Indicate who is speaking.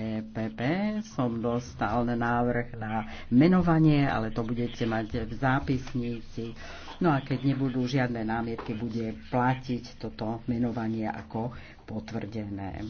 Speaker 1: EPP som dostal návrh na menovanie, ale to budete mať v zápisnici. No a keď nebudú žiadne námietky, bude platiť toto menovanie ako potvrdené.